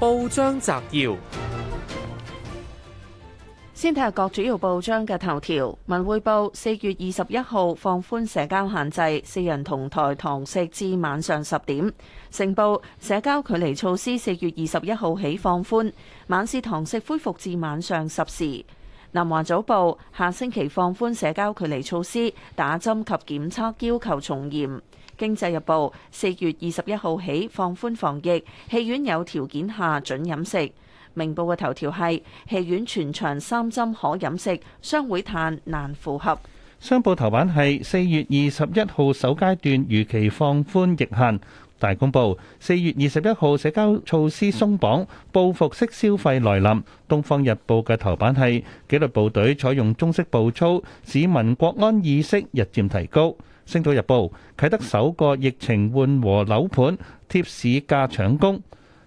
報章摘要：先睇下各主要報章嘅頭條。文匯報四月二十一號放寬社交限制，四人同台堂食至晚上十點。成報社交距離措施四月二十一號起放寬，晚市堂食恢復至晚上十時。南華早報下星期放寬社交距離措施，打針及檢測要求重嚴。《經濟日報》四月二十一號起放寬防疫，戲院有條件下準飲食。明報嘅頭條係戲院全場三針可飲食，商會嘆難符合。商報頭版係四月二十一號首階段如期放寬疫限。大公報，四月二十一號社交措施鬆綁，報復式消費來臨。《東方日報》嘅頭版係紀律部隊採用中式步操，市民國安意識日漸提高。《星島日報》啟德首個疫情緩和樓盤貼市價搶攻，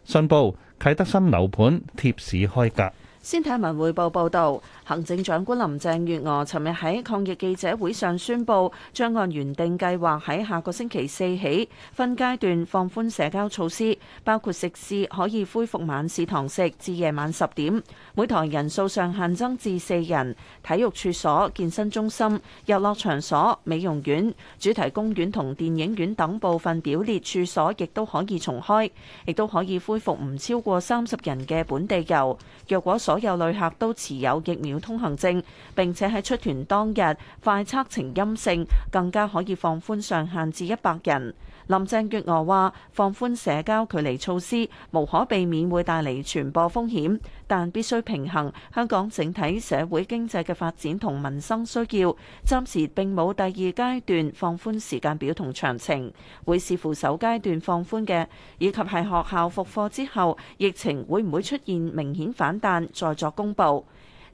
信報啟德新樓盤貼市開價。先睇《文匯報》報道，行政長官林鄭月娥尋日喺抗疫記者會上宣布，將按原定計劃喺下個星期四起分階段放寬社交措施，包括食肆可以恢復晚市堂食至夜晚十點，每堂人數上限增至四人；體育處所、健身中心、遊樂場所、美容院、主題公園同電影院等部分表列處所亦都可以重開，亦都可以恢復唔超過三十人嘅本地遊。若果所有旅客都持有疫苗通行證，並且喺出團當日快測呈陰性，更加可以放寬上限至一百人。林鄭月娥話，放寬社交距離措施，無可避免會帶嚟傳播風險。但必須平衡香港整體社會經濟嘅發展同民生需要，暫時並冇第二階段放寬時間表同詳情，會視乎首階段放寬嘅，以及係學校復課之後疫情會唔會出現明顯反彈再作公布。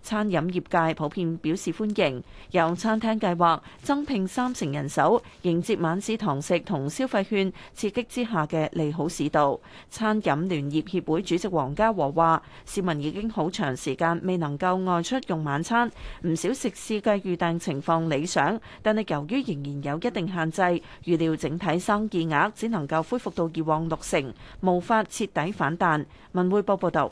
餐飲業界普遍表示歡迎，有餐廳計劃增聘三成人手，迎接晚市堂食同消費券刺激之下嘅利好市道。餐飲聯業協會主席黃家和話：市民已經好長時間未能夠外出用晚餐，唔少食肆嘅預訂情況理想，但係由於仍然有一定限制，預料整體生意額只能夠恢復到以往六成，無法徹底反彈。文匯報報道。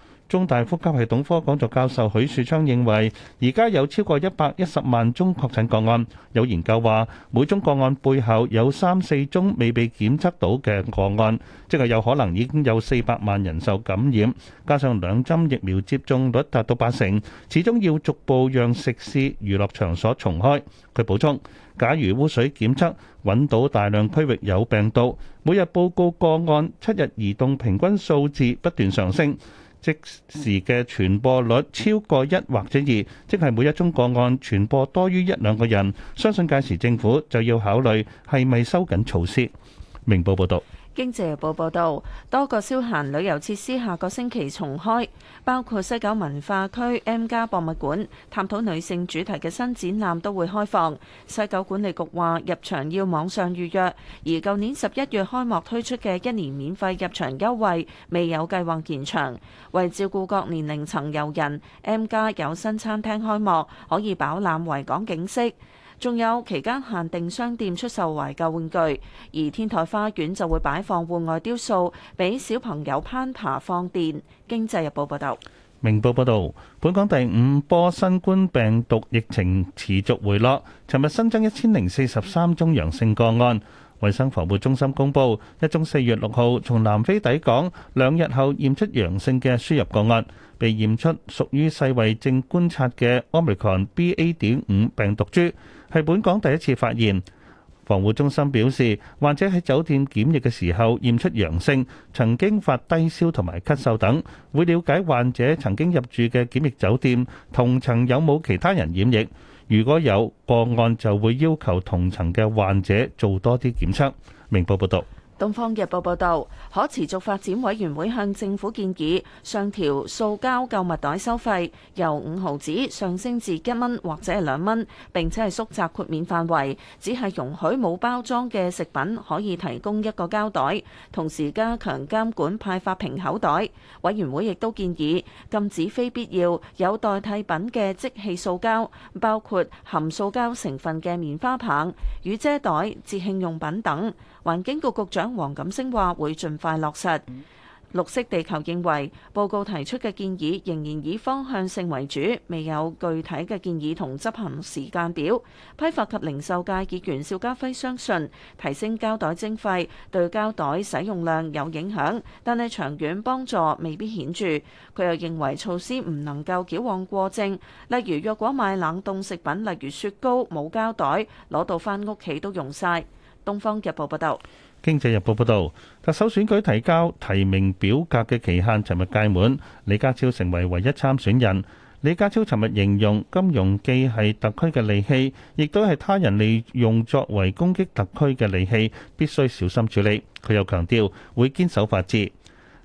中大呼吸系統科講座教授許樹昌認為，而家有超過一百一十萬宗確診個案。有研究話，每宗個案背後有三四宗未被檢測到嘅個案，即係有可能已經有四百萬人受感染。加上兩針疫苗接種率達到八成，始終要逐步讓食肆、娛樂場所重開。佢補充，假如污水檢測揾到大量區域有病毒，每日報告個案七日移動平均數字不斷上升。即時嘅傳播率超過一或者二，即係每一宗個案傳播多於一兩個人，相信屆時政府就要考慮係咪收緊措施。明報報道。經濟日報報道，多個消閒旅遊設施下個星期重開，包括西九文化區 M+ 博物館，探討女性主題嘅新展覽都會開放。西九管理局話，入場要網上預約，而舊年十一月開幕推出嘅一年免費入場優惠，未有計劃延長。為照顧各年齡層遊人，M+ 有新餐廳開幕，可以飽覽維港景色。仲有期間限定商店出售懷舊玩具，而天台花園就會擺放戶外雕塑，俾小朋友攀爬放電。經濟日報報道。明報報道，本港第五波新冠病毒疫情持續回落，尋日新增一千零四十三宗陽性個案。衛生防護中心公布，一宗四月六號從南非抵港，兩日後驗出陽性嘅輸入個案，被驗出屬於世衛正觀察嘅 Omicron BA. 點五病毒株，係本港第一次發現。防護中心表示，患者喺酒店檢疫嘅時候驗出陽性，曾經發低燒同埋咳嗽等，會了解患者曾經入住嘅檢疫酒店同層有冇其他人染疫。如果有個案，就會要求同層嘅患者做多啲檢測。明報報道。《東方日報》報導，可持續發展委員會向政府建議上調塑膠購物袋收費，由五毫紙上升至一蚊或者係兩蚊，並且係縮窄豁免範圍，只係容許冇包裝嘅食品可以提供一個膠袋，同時加強監管派發平口袋。委員會亦都建議禁止非必要有代替品嘅即棄塑膠，包括含塑膠成分嘅棉花棒、雨遮袋、節慶用品等。環境局局長黃錦星話：會盡快落實。綠色地球認為報告提出嘅建議仍然以方向性為主，未有具體嘅建議同執行時間表。批發及零售界議員邵家輝相信提升膠袋徵費對膠袋使用量有影響，但係長遠幫助未必顯著。佢又認為措施唔能夠矯枉過正，例如若果買冷凍食品例如雪糕冇膠袋攞到翻屋企都用晒。東方日報報道，經濟日報報道，特首選舉提交提名表格嘅期限尋日屆滿，李家超成為唯一參選人。李家超尋日形容，金融既係特區嘅利器，亦都係他人利用作為攻擊特區嘅利器，必須小心處理。佢又強調會堅守法治。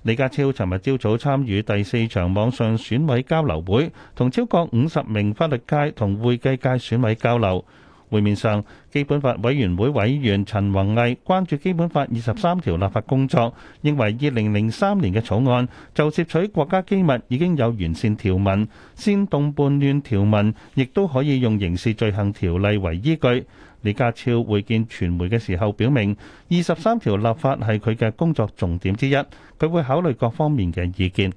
李家超尋日朝早參與第四場網上選委交流會，同超過五十名法律界同會計界選委交流。會面上，基本法委員會委員陳弘毅關注基本法二十三條立法工作，認為二零零三年嘅草案就竊取國家機密已經有完善條文，煽動叛亂條文亦都可以用刑事罪行條例為依據。李家超會見傳媒嘅時候，表明二十三條立法係佢嘅工作重點之一，佢會考慮各方面嘅意見。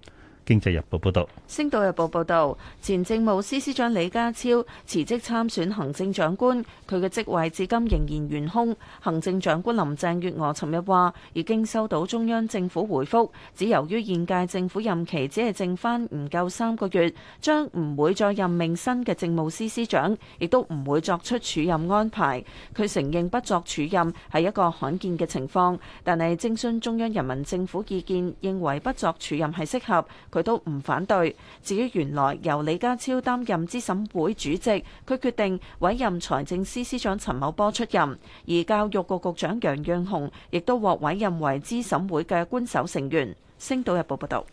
《經濟日報》報道，《星島日報》報道，前政務司司長李家超辭職參選行政長官，佢嘅職位至今仍然懸空。行政長官林鄭月娥尋日話，已經收到中央政府回覆，只由於現屆政府任期只係剩翻唔夠三個月，將唔會再任命新嘅政務司司長，亦都唔會作出署任安排。佢承認不作署任係一個罕見嘅情況，但係徵詢中央人民政府意見，認為不作署任係適合。佢。佢都唔反對。至於原來由李家超擔任諮審會主席，佢決定委任財政司司長陳茂波出任，而教育局局長楊潤雄亦都獲委任為諮審會嘅官守成員。星島日報報道，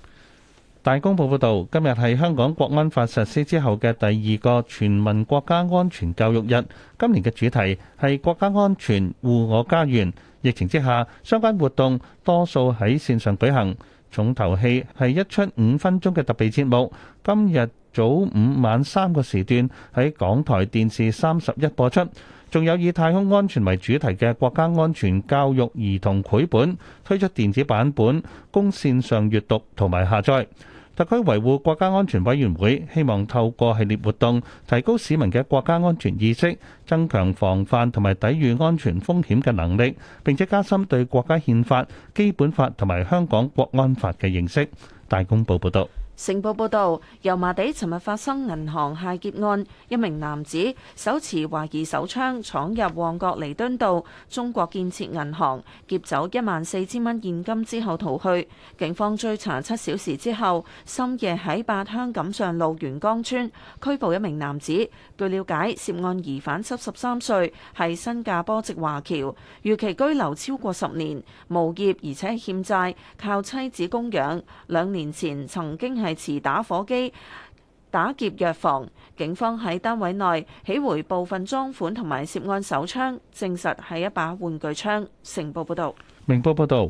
大公報報道，今日係香港國安法實施之後嘅第二個全民國家安全教育日，今年嘅主題係國家安全護我家園。疫情之下，相關活動多數喺線上舉行。重頭戲係一出五分鐘嘅特別節目，今日早、午、晚三個時段喺港台電視三十一播出。仲有以太空安全為主題嘅國家安全教育兒童繪本推出電子版本，供線上閱讀同埋下載。特區維護國家安全委員會希望透過系列活動，提高市民嘅國家安全意識，增強防範同埋抵禦安全風險嘅能力，並且加深對國家憲法、基本法同埋香港國安法嘅認識。大公報報道。成報報導，油麻地尋日發生銀行械劫案，一名男子手持懷疑手槍闖入旺角彌敦道中國建設銀行，劫走一萬四千蚊現金之後逃去。警方追查七小時之後，深夜喺八鄉錦上路元江村拘捕一名男子。據了解，涉案疑犯七十三歲，係新加坡籍華僑，預期居留超過十年，無業而且欠債，靠妻子供養。兩年前曾經喺持打火機打劫藥房，警方喺單位內起回部分贓款同埋涉案手槍，證實係一把玩具槍。成報報道，明報報道。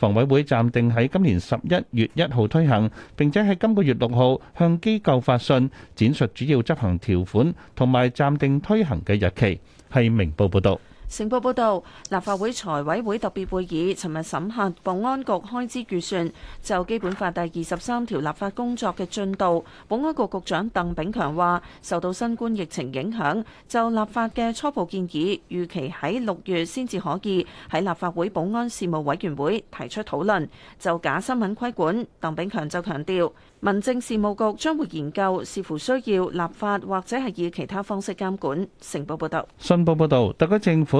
房委會暫定喺今年十一月一號推行，並且喺今個月六號向機構發信，展述主要執行條款同埋暫定推行嘅日期。係明報報道。成報報導，立法會財委會特別會議尋日審核保安局開支預算，就《基本法》第二十三條立法工作嘅進度，保安局局長鄧炳強話：受到新冠疫情影響，就立法嘅初步建議，預期喺六月先至可以喺立法會保安事務委員會提出討論。就假新聞規管，鄧炳強就強調，民政事務局將會研究，視乎需要立法或者係以其他方式監管。成報報導，信報報導，特區政府。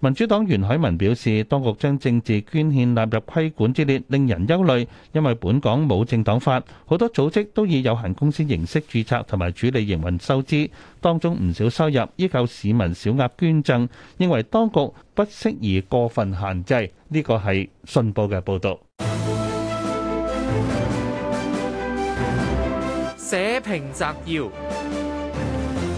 民主黨袁海文表示，當局將政治捐獻納入規管之列，令人憂慮，因為本港冇政黨法，好多組織都以有限公司形式註冊同埋處理營運收支，當中唔少收入依靠市民小額捐贈，認為當局不適宜過分限制。呢個係信報嘅報導。社評摘要。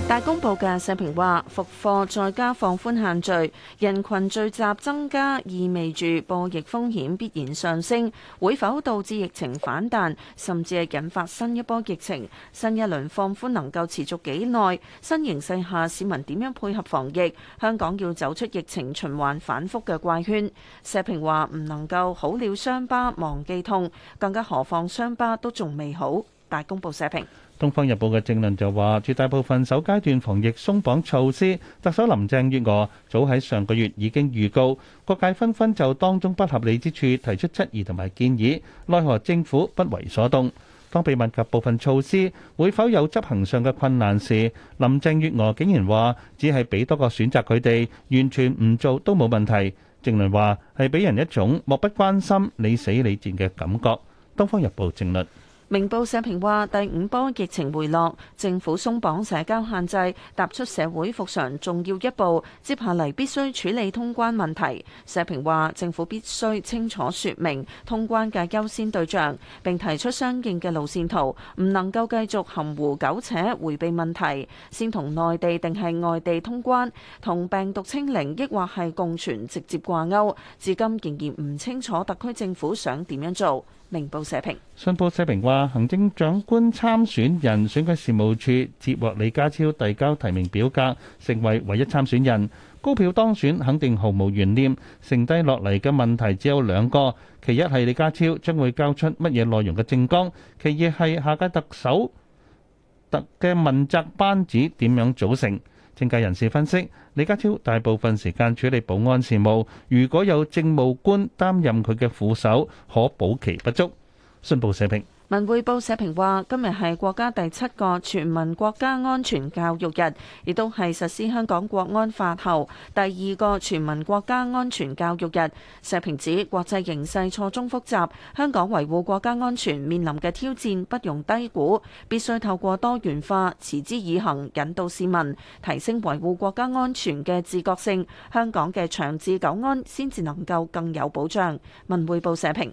大公報嘅社評話：復課再加放寬限聚，人群聚集增加，意味住播疫風險必然上升，會否導致疫情反彈，甚至係引發新一波疫情？新一輪放寬能夠持續幾耐？新形勢下市民點樣配合防疫？香港要走出疫情循環反覆嘅怪圈。社評話：唔能夠好了傷疤忘記痛，更加何況傷疤都仲未好。大公報社評，《東方日報》嘅政論就話，絕大部分首階段防疫鬆綁措施，特首林鄭月娥早喺上個月已經預告，各界紛紛就當中不合理之處提出質疑同埋建議，奈何政府不為所動。當被問及部分措施會否有執行上嘅困難時，林鄭月娥竟然話只係俾多個選擇佢哋，完全唔做都冇問題。政論話係俾人一種漠不關心你死你賤嘅感覺，《東方日報》政論。明報社評話第五波疫情回落，政府鬆綁社交限制，踏出社會復常重要一步。接下嚟必須處理通關問題。社評話政府必須清楚説明通關嘅優先對象，並提出相應嘅路線圖，唔能夠繼續含糊苟且迴避問題。先同內地定係外地通關，同病毒清零抑或係共存直接掛鈎，至今仍然唔清楚特區政府想點樣做。明報社評，信報社評話，行政長官參選人選舉事務處接獲李家超遞交提名表格，成為唯一參選人。高票當選肯定毫無懸念，剩低落嚟嘅問題只有兩個，其一係李家超將會交出乜嘢內容嘅政綱，其二係下屆特首特嘅問責班子點樣組成。政界人士分析，李家超大部分時間處理保安事務，如果有政務官擔任佢嘅副手，可補其不足。信報社評。文匯報社評話：今日係國家第七個全民國家安全教育日，亦都係實施香港國安法後第二個全民國家安全教育日。社評指國際形勢錯綜複雜，香港維護國家安全面臨嘅挑戰不容低估，必須透過多元化、持之以恒引導市民，提升維護國家安全嘅自覺性，香港嘅長治久安先至能夠更有保障。文匯報社評。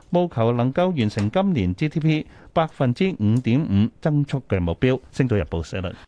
務求能夠完成今年 GDP 百分之五點五增速嘅目標。星島日報社論。